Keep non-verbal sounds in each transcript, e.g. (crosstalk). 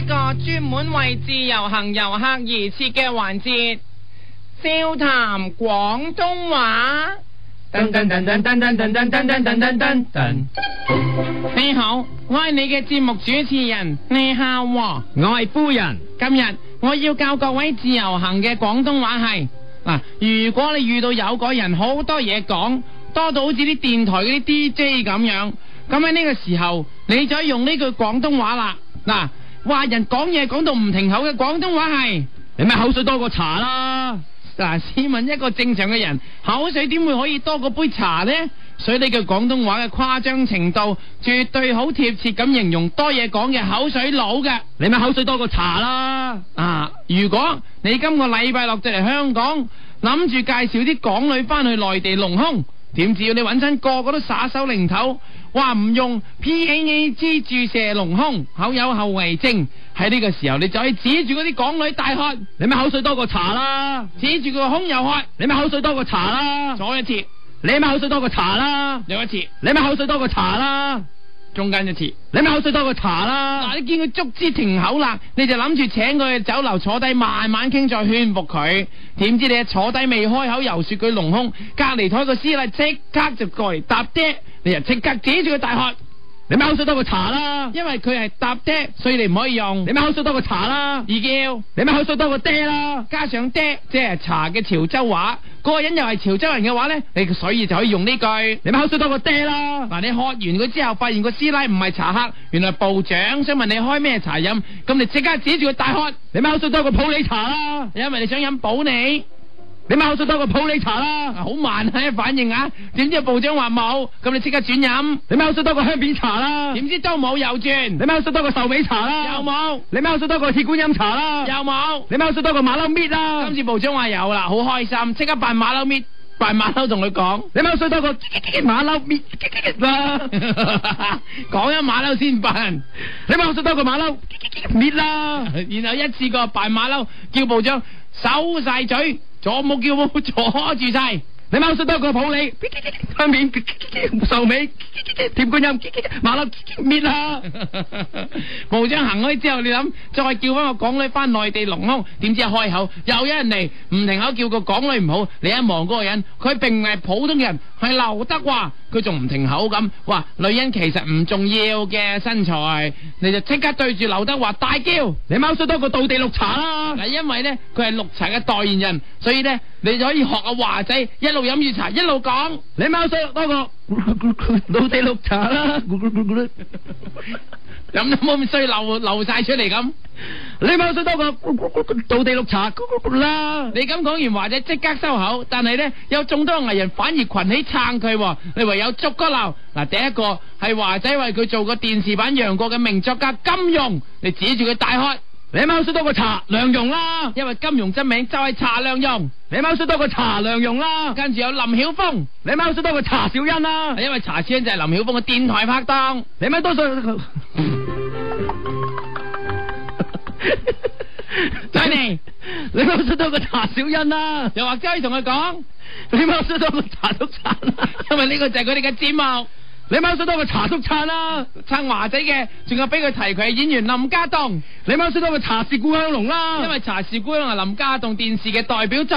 一個專門為自由行遊客而設嘅環節，笑談廣東話。你好，我係你嘅節目主持人，你好，我係夫人。今日我要教各位自由行嘅廣東話係嗱、啊。如果你遇到有個人好多嘢講，多到好似啲電台嗰啲 DJ 咁樣，咁喺呢個時候，你就可以用呢句廣東話啦嗱。啊人說話人講嘢講到唔停口嘅廣東話係，你咪口水多過茶啦！嗱，啊，試問一個正常嘅人，口水點會可以多過杯茶呢？所以呢句廣東話嘅誇張程度，絕對好貼切咁形容多嘢講嘅口水佬嘅，你咪口水多過茶啦！啊，如果你今個禮拜落咗嚟香港，諗住介紹啲港女返去內地隆胸。點知要你揾親個個都耍手擰頭，話唔用 P A A G 注射隆胸，口有後遺症。喺呢個時候你就可以指住嗰啲港女大喝，你咪口水多過茶啦！指住個胸又喝，你咪口水多過茶啦！左一次，你咪口水多過茶啦！右一次，你咪口水多過茶啦！中間一次，你咪口水多過茶啦！嗱、啊，你見佢足之停口啦，你就諗住請佢去酒樓坐低慢慢傾，再勸服佢。點知你坐低未開口，又說佢隆胸。隔籬台個師奶即刻就過嚟搭爹，你就即刻指住佢大喝，你咪口水多過茶啦！因為佢係搭爹，所以你唔可以用。你咪口水多過茶啦！二叫，你咪口水多過爹啦！爹啦加上爹，即、就、係、是、茶嘅潮州話。嗰個人又係潮州人嘅話呢，你所以就可以用呢句，你咪口水多過爹啦。嗱、啊，你喝完佢之後發現個師奶唔係茶客。原來部長，想問你開咩茶飲，咁你即刻指住佢大喝，你咪口水多過普洱茶啦、啊，因為你想飲普洱。」你咪口數多個普洱茶啦，好慢喺反應啊！點知部長話冇，咁你即刻轉飲。你咪口數多個香片茶啦，點知都冇，又轉。你咪口數多個壽眉茶啦，又冇。你咪口數多個鐵觀音茶啦，又冇。你咪口數多個馬騮搣啦，今次部長話有啦，好開心，即刻扮馬騮搣，扮馬騮同佢講。你咪口數多個馬騮搣啦，講咗馬騮先扮。你咪口數多個馬騮搣啦，然後一次過扮馬騮叫部長收晒嘴。坐冇叫我坐住晒，你貓叔都有個抱你，向面受尾甜觀音，麻辣，滅啦！滅 (laughs) 無章行開之後，你諗再叫翻個港女翻內地隆胸，點知開口又有人嚟，唔停口叫個港女唔好。你一望嗰個人，佢並唔係普通人，係劉德華。佢仲唔停口咁？哇！女人其實唔重要嘅身材，你就即刻對住劉德華大叫：你貓衰多過倒地綠茶啦、啊！嗱，因為咧佢係綠茶嘅代言人，所以咧你就可以學阿華仔一路飲熱茶一路講，你貓衰多過倒地綠茶啦，飲得冇咁衰，流流晒出嚟咁。你冇最多個倒地綠茶啦。你咁講完華仔即刻收口，但係咧有眾多藝人反而群起撐佢。你唯有逐個鬧。嗱，第一個係華仔為佢做過電視版楊過嘅名作家金庸，你指住佢大開。你咪好多過查良鏞啦，因為金庸真名就係查良鏞。你咪好多過查良鏞啦，跟住有林曉峰，你咪好多過查小欣啦、啊，因為查小欣就係林曉峰嘅電台拍檔。你咪多衰仔你你咪好多過查小欣啦、啊，又或者可以同佢講， (laughs) 你咪好多過查篤撐， (laughs) 因為呢個就係佢哋嘅節目。你媽想到個茶叔撐啦、啊，撐華仔嘅。仲有俾佢提佢係演員林家棟。你媽想到個茶是故鄉濃啦，因為茶是故鄉係林家棟電視嘅代表作。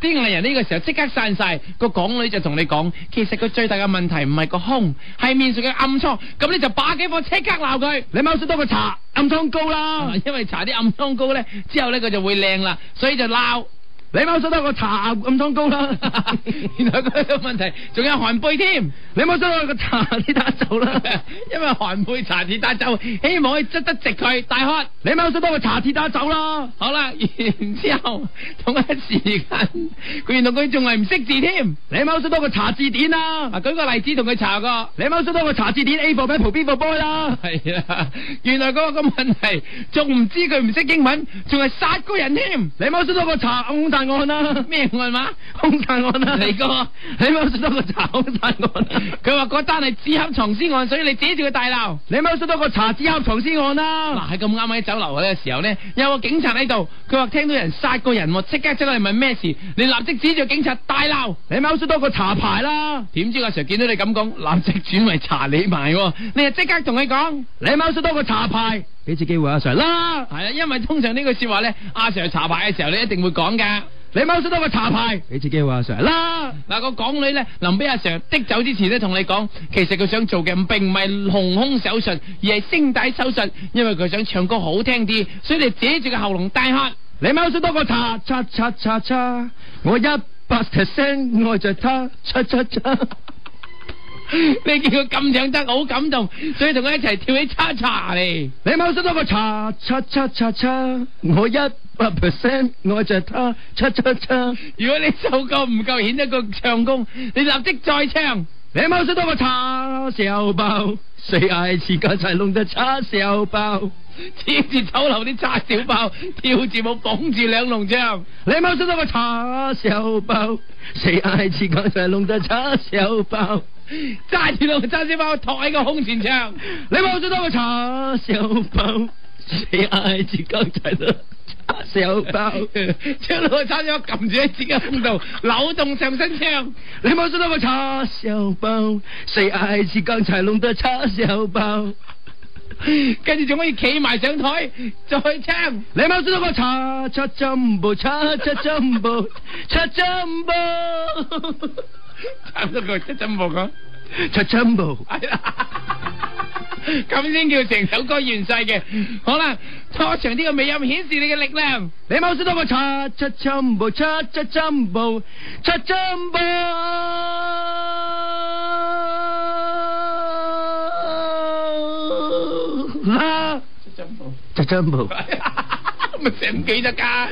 啲藝人呢個時候即刻散晒，個港女就同你講，其實佢最大嘅問題唔係個胸，係面上嘅暗瘡，咁你就把幾個即刻鬧佢，你冇少多個搽暗瘡膏啦，啊、因為搽啲暗瘡膏呢之後呢，佢就會靚啦，所以就鬧。你冇識得個查暗瘡膏啦，原來個個問題仲有寒背添，你冇識得個查鐵打酒啦，因為寒背查鐵打酒，希望可以執得直佢，大喝，你冇識得個查鐵打酒啦，好啦，然之後同一時間，佢原來佢仲係唔識字添，你冇識得個查字典啦，舉個例子同佢查過，你冇識得個查字典 A for apple，B for boy 啦，係啦，原來嗰個個問題仲唔知佢唔識英文，仲係殺個人添，你冇識得個查咁大。案啦咩案嘛？兇殺案啊？李哥，你咪識多個查兇殺案，啊。佢話嗰單係紙盒藏屍案，所以你指住佢大鬧。你咪識多個查紙盒藏屍案，啊、啦。嗱，喺咁啱喺酒樓嘅時候咧，有個警察喺度，佢話聽到人殺個人，即刻出刻嚟問咩事。你立即指住警察大鬧。你咪識多個查牌啦。點知阿 Sir 見到你咁講，立即轉為查你埋。你就即刻同佢講，你咪識多個查牌。俾次機會阿 Sir 啦，係啊，因為通常呢句説話咧，阿 Sir 查牌嘅時候你一定會講㗎。你唔好多個查牌，俾次機會阿 Sir 啦。嗱，個港女咧臨俾阿 Sir 的走之前咧，同你講，其實佢想做嘅並唔係隆胸手術，而係聲帶手術，因為佢想唱歌好聽啲，所以嚟扯住個喉嚨大喊。你唔好多個查查查查查，我一百 percent 愛着他。 (laughs) 你見佢咁樣得，我好感動，所以同佢一齊跳起叉叉嚟。你冇識多個叉叉叉叉叉，我一百 percent 愛着他叉叉叉。如果你就夠唔夠顯一個唱功，你立即再唱。 (music) 你冇識多個叉燒包，四嗌次家齊弄隻叉燒包，牽住酒樓啲叉燒包，跳字舞綁住兩籠張。你冇識多個叉燒包，四嗌次家齊弄隻叉燒包。揸住兩個叉燒包，托喺個胸前唱， (laughs) 你冇做到個叉燒包，誰愛吃剛才的叉燒包？將兩個叉燒包撳住喺自己嘅胸度扭動上身唱， (laughs) 你冇做到個叉燒包，誰愛吃剛才弄的叉燒包？跟住仲可以企埋上台，再唱。你茂叔到個七七 jump 步，七七 j u m 步，七 j 步。唱到個七 j u m 步個，七 j 步。咁先 (laughs) (laughs) 叫成首歌完晒嘅。好啦，拖長呢個尾音，顯示你嘅力量。你茂叔到個七七 jump 步，七七 j u 步，七 j 步。啦，就真冇，就真冇，咪成幾十架。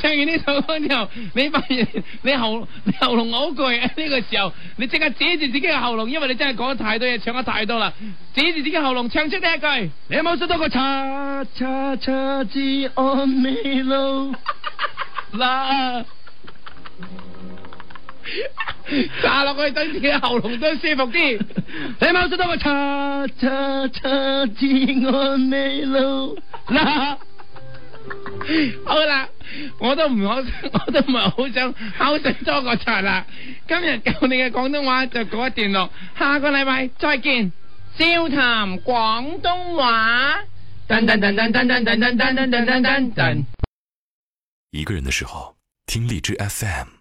唱完呢首歌之後，你發現你喉你喉嚨好攰。呢、啊呢個時候，你即刻指住自己嘅喉嚨，因為你真係講咗太多嘢，唱咗太多啦。指住自己喉嚨，唱出呢一句，你有冇收到個叉叉叉字安美路啦？炸落 (laughs) 去等自己喉嚨都舒服啲，你冇識多個擦擦擦治安未路啦？ (laughs) (laughs) 好啦，我都唔好，我都唔係好想考上多個擦啦。今日教你嘅廣東話就講一段咯，下個禮拜再見，笑談廣東話。等、等、等、等、等、等、等、等、等。噔噔噔。一個人嘅時候，聽荔枝 FM。